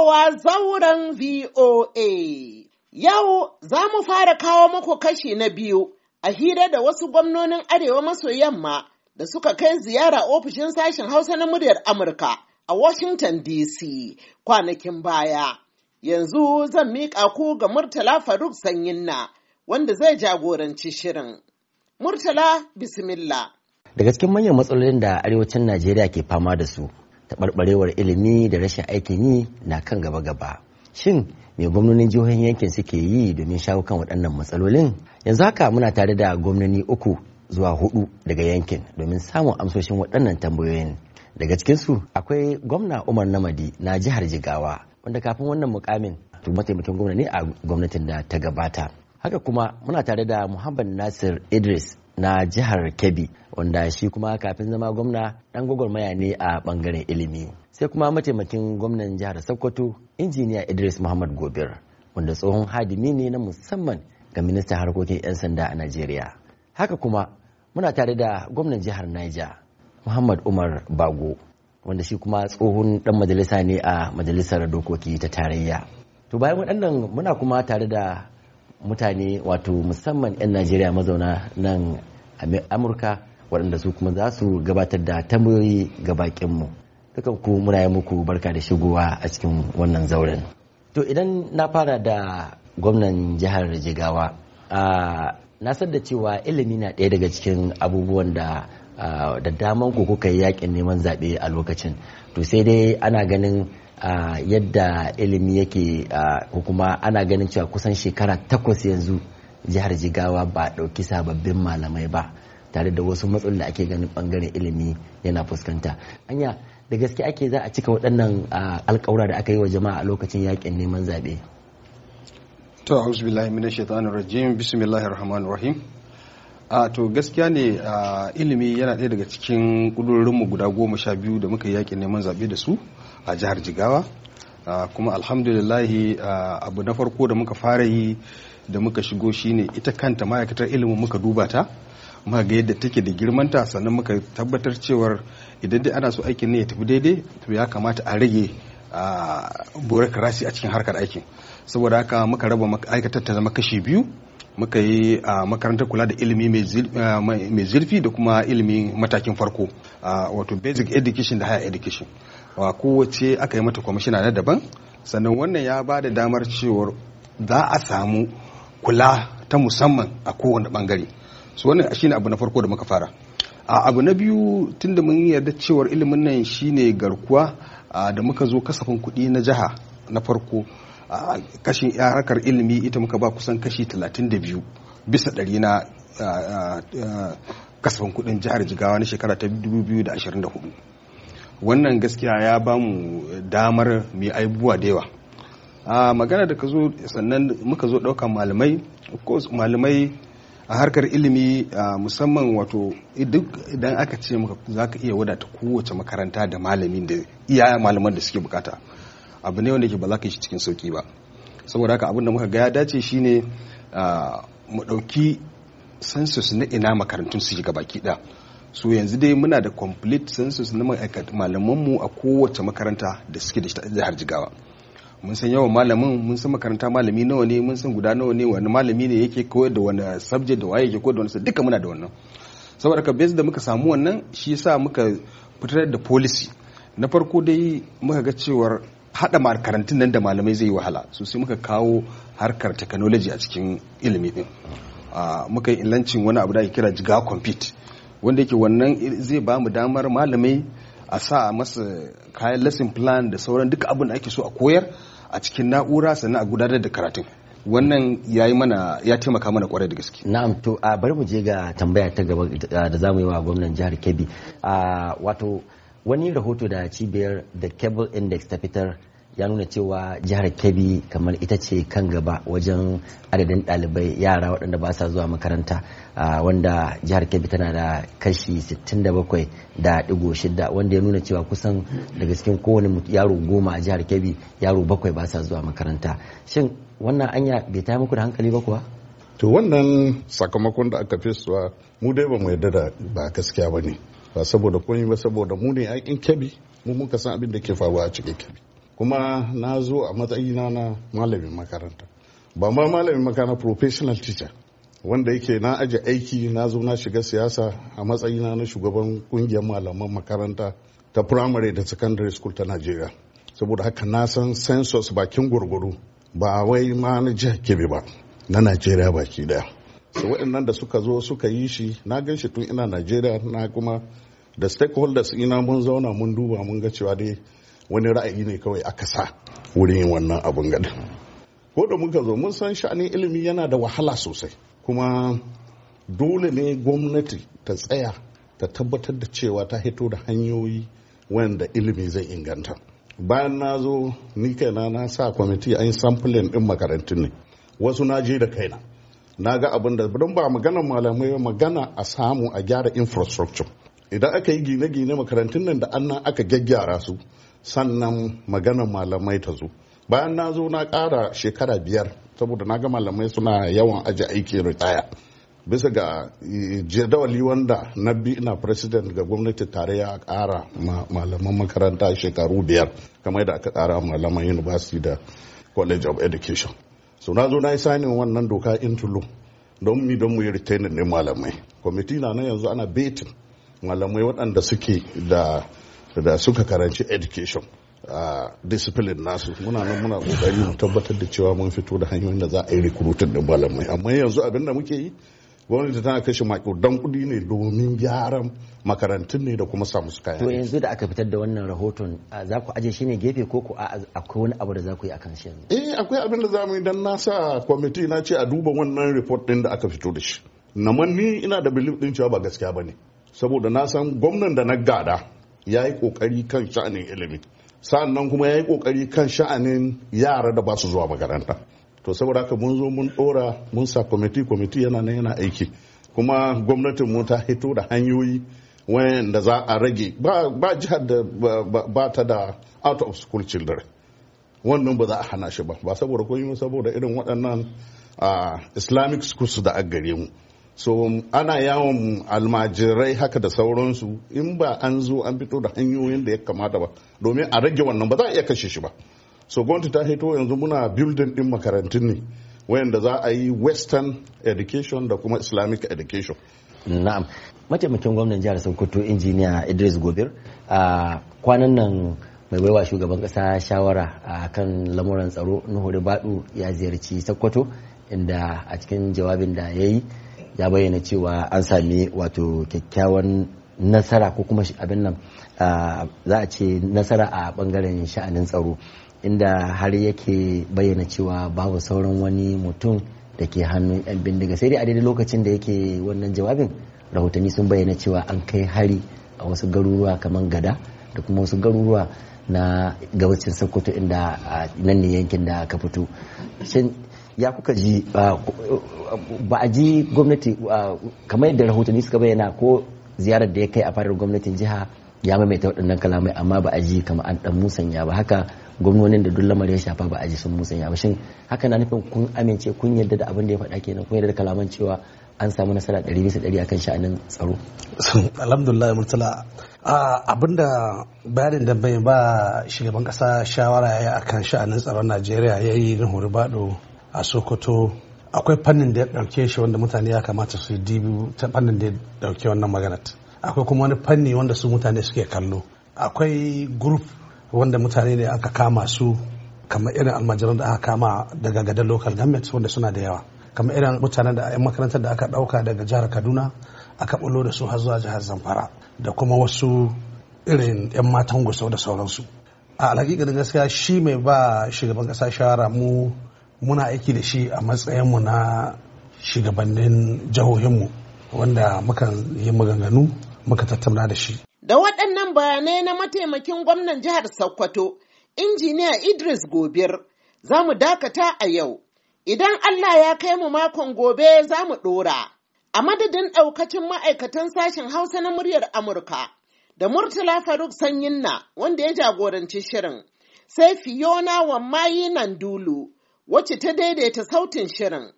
Kowa zauren VOA. Yau za mu fara kawo muku kashi na biyu a hira da wasu gwamnonin Arewa maso yamma da suka kai ziyara ofishin sashen Hausa na muryar Amurka a Washington DC kwanakin baya. Yanzu zan miƙa ku ga Murtala Faruk Sanyinna wanda zai jagoranci shirin. Murtala Bismillah. Daga cikin manyan matsalolin da arewacin Najeriya ke fama da su, taɓarɓarewar ilimi da rashin aikin yi na kan gaba-gaba shin me gwamnonin jihohin yankin suke yi domin shawo kan waɗannan matsalolin yanzu haka muna tare da gwamnoni uku zuwa hudu daga yankin domin samun amsoshin waɗannan tambayoyin daga cikinsu akwai gwamna umar namadi na jihar jigawa wanda kafin wannan mukamin mataimakin gwamna ne a gwamnatin da ta gabata haka kuma muna tare da muhammad nasir idris na jihar Kebbi wanda shi kuma kafin zama gwamna dan gwagwarmaya ne a bangaren ilimi. Sai kuma mataimakin gwamnan jihar Sokoto injiniya Idris Muhammad Gobir wanda tsohon hadimi ne na musamman ga minista harkokin 'yan sanda a Najeriya. Haka kuma muna tare da gwamnan jihar Niger Muhammad Umar Bago wanda shi kuma tsohon dan majalisa ne a majalisar dokoki ta tarayya. To bayan waɗannan muna kuma tare da mutane wato musamman 'yan Najeriya mazauna nan amurka waɗanda su kuma za su gabatar da tambayoyi ga bakinmu dukan ku muna yi muku barka da shigowa a cikin wannan zauren to idan na fara da gwamnan jihar jigawa na san da cewa ilimi na ɗaya daga cikin abubuwan da da daman ku kuka yi yakin neman zaɓe a lokacin to sai dai ana ganin yadda ilimi yake ko kuma ana ganin cewa kusan shekara takwas yanzu jihar jigawa ba ɗauki sababbin malamai ba tare da wasu matsalolin da ake ganin bangaren ilimi yana fuskanta anya da gaske ake za a cika waɗannan alƙawura da aka yi wa jama'a a lokacin yakin neman zaɓe to a'udhu billahi minash shaitanir rajim bismillahir rahmanir rahim a to gaskiya ne ilimi yana ɗaya daga cikin mu guda goma sha biyu da muka yi yakin neman zaɓe da su a jihar jigawa kuma alhamdulillahi abu na farko da muka fara yi da muka shigo shine ita kanta ma'aikatar ilimin muka duba ta muka ga yadda take da girmanta sannan muka tabbatar cewar idan dai ana so aikin ne ya tafi daidai to ya kamata a rage a a cikin harkar aikin saboda haka muka raba ma'aikatar ta zama kashi biyu muka yi a makarantar kula da ilimi mai zurfi da kuma ilimi matakin farko wato basic education da higher education wa kowace aka yi mata kwamishina na daban sannan wannan ya ba da damar cewar za a samu kula ta musamman a kowane bangare su wannan shine abu na farko da muka fara a abu na biyu tunda mun yarda cewar ilimin nan shine garkuwa da muka zo kasafin kuɗi na jiha na farko kashin harkar ilimi ita muka ba kusan kashi 32 bisa ɗari na kasafin kuɗin jihar jigawa na shekara ta 2024 wannan gaskiya ya bamu damar mai aibuwa da yawa a magana da ka zo sannan muka zo ɗaukan malamai of malamai a harkar ilimi musamman wato duk idan aka ce maka za ka iya wadata kowace makaranta da malamin da iya malaman da suke bukata abu ne wanda ke ba za ka yi shi cikin sauki ba saboda haka abin da muka ga ya dace ne mu ɗauki census na ina makarantun su shiga baki ɗaya so yanzu dai muna da complete census na malamanmu a kowace makaranta da suke da jihar jigawa mun san yawan malamin mun san makaranta malami nawa ne mun san guda nawa ne wani malami ne yake koyar da wani subject da waye yake koyar da wani duka muna da wannan saboda ka base da muka samu wannan shi yasa muka fitar da policy na farko dai muka ga cewar hada makarantun nan da malamai zai yi wahala so sai muka kawo harkar technology a cikin ilimi din muka yi ilancin wani abu da ake kira jiga compete wanda yake wannan zai ba mu damar malamai a sa masa kayan lesson plan da sauran duka abin da ake so a koyar a cikin na'ura sannan a gudanar da karatun wannan ya yi mana ya taimaka mana kwarai da gaske na'am to a bari mu je ga tambaya ta gaba da za mu yi wa gwamnan jihar kebbi wato wani rahoto da cibiyar the cable index ta fitar ya nuna cewa jihar kebbi kamar ita ce kan gaba wajen adadin ɗalibai yara waɗanda ba sa zuwa makaranta wanda jihar kebbi tana da kashi 67 da digo shida wanda ya nuna cewa kusan daga cikin kowane yaro goma a jihar kebbi yaro bakwai ba sa zuwa makaranta shin wannan anya bai ta muku da hankali ba kuwa to wannan sakamakon da aka fesuwa mu dai ba mu yarda da ba gaskiya ba ne ba saboda komai ba saboda mu ne yakin kebbi mu muka san abin da ke faruwa a cikin kebbi kuma na zo a matsayina na malamin makaranta ba ma malamin makaranta professional teacher wanda yake na ajiye aiki na zo na shiga siyasa a matsayina na shugaban kungiyar malaman makaranta ta primary da secondary school ta Najeriya saboda haka na san census bakin gurguru ba wai ma na jihar Kebbi ba na Najeriya baki daya su waɗannan da suka zo suka yi shi na gan shi tun ina Najeriya na kuma da stakeholders ina mun zauna mun duba mun ga cewa dai wani ra'ayi ne kawai aka sa wurin wannan abun gada ko da muka zo mun san sha'anin ilimi yana da wahala sosai kuma dole ne gwamnati ta tsaya ta tabbatar da cewa ta hito da hanyoyi wanda ilimi zai inganta bayan na zo ni kai na sa kwamiti an yi samfulin din makarantun ne wasu na je da kaina na ga abin da don ba magana malamai magana a samu a gyara infrastructure idan aka yi gine-gine makarantun nan da annan aka gyaggyara su sannan maganar malamai ta zo bayan na zo na ƙara shekara biyar saboda na ga malamai suna yawan aji aiki ritaya bisa ga e, jadawali wanda na bi ina president ga gwamnati tarayya a ƙara malaman makaranta shekaru biyar kamar da aka ƙara malaman university da college of education so na zo na yi sanin wannan doka intulo don mi don mu yi retaining ne malamai kwamiti na nan yanzu ana betin malamai waɗanda suke da da suka karanci education a discipline nasu muna nan muna kokari mu tabbatar da cewa mun fito da hanyoyin da za a yi recruiting din malamai amma yanzu abin da muke yi gwamnati tana kashe makudan kudi ne domin gyaran makarantun ne da kuma samu su kayan to yanzu da aka fitar da wannan rahoton za ku aje shi gefe ko ku akwai wani abu da za ku yi akan shi yanzu eh akwai abin da za mu yi dan na sa kwamiti na ce a duba wannan report din da aka fito da shi na ni ina da belief din cewa ba gaskiya bane saboda na san gwamnan da na gada ya yi kokari kan sha'anin ilimi sannan kuma ya yi kokari kan sha'anin yara da ba su zuwa makaranta to saboda haka mun zo mun dora mun sa kwamiti kwamiti yana nan yana aiki kuma gwamnatin mu ta hito da hanyoyi wanda za a rage ba jihar da ba ta da out of school children wannan ba za a hana shi ba ba saboda saboda irin waɗannan ah, islamic schools da a gare mu so ana yawon almajirai haka da sauransu in ba an zo an fito da hanyoyin da ya kamata ba domin a rage wannan ba za a iya kashe shi ba so gwamnati ta hito yanzu muna building din makarantun ne wayanda za a yi western education da kuma islamic education na'am mataimakin gwamnan jihar sokoto injiniya idris gobir a kwanan nan mai baiwa shugaban kasa shawara a kan lamuran tsaro nuhuri badu ya ziyarci sokoto inda a cikin jawabin da ya yi ya bayyana cewa an sami wato kyakkyawan nasara ko kuma abin nan za a ce nasara a bangaren sha'anin tsaro inda har yake bayyana cewa babu sauran wani mutum da ke hannun 'yan bindiga sai dai a daidai lokacin da yake wannan jawabin rahotanni sun bayyana cewa an kai hari a wasu garuruwa kamar gada da kuma wasu garuruwa na gabacin sokoto inda nan ne yankin da ka fito ya kuka ji ah, ba a ji gwamnati ah, kamar yadda rahotanni suka bayyana ko ziyarar da ya kai a fadar gwamnatin jiha ya maimaita waɗannan kalamai amma ba a ji kamar an ɗan musanya ba haka gwamnonin da dullamar lamarin ya shafa ba a ji sun musanya ba shin haka na nufin kun amince kun yarda da abin da ya faɗa kenan kun yarda da kalaman cewa an samu nasara ɗari bisa ɗari akan sha'anin tsaro. alhamdulillah murtala ah, abinda bayanin dambe ba shugaban kasa shawara ya yi akan sha'anin tsaron najeriya ya yi na bado. a sokoto akwai fannin da ya ɗauke shi wanda mutane ya kamata su dibi ta fannin da ya ɗauke wannan maganat akwai kuma wani fanni wanda su mutane suke kallo akwai guruf wanda mutane ne aka kama su kamar irin almajiran da aka kama daga gadar local government wanda suna da yawa kamar irin mutanen da 'yan makarantar da aka ɗauka daga jihar kaduna aka ɓullo da su har zuwa jihar zamfara da kuma wasu irin 'yan matan gusau da sauransu a alhaƙiƙanin gaskiya shi mai ba shugaban ƙasa shawara mu muna aiki da shi a matsayinmu na shugabannin jihohinmu wanda muka yi maganganu muka tattauna da shi. Da waɗannan bayanai na mataimakin gwamnan jihar Sokoto, injiniya Idris Gobir, za mu dakata a yau. Idan Allah ya kai mu makon gobe za mu ɗora. A madadin ɗaukacin ma'aikatan sashen Hausa na muryar Amurka, da Murtala Faruk Sanyinna wanda ya jagoranci shirin, sai Fiona Wammayi Nandulu. wacce ta daidaita sautin shirin.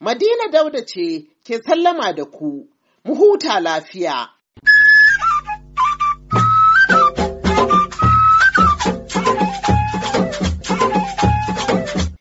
Madina Dauda ce ke sallama da ku, mu huta lafiya.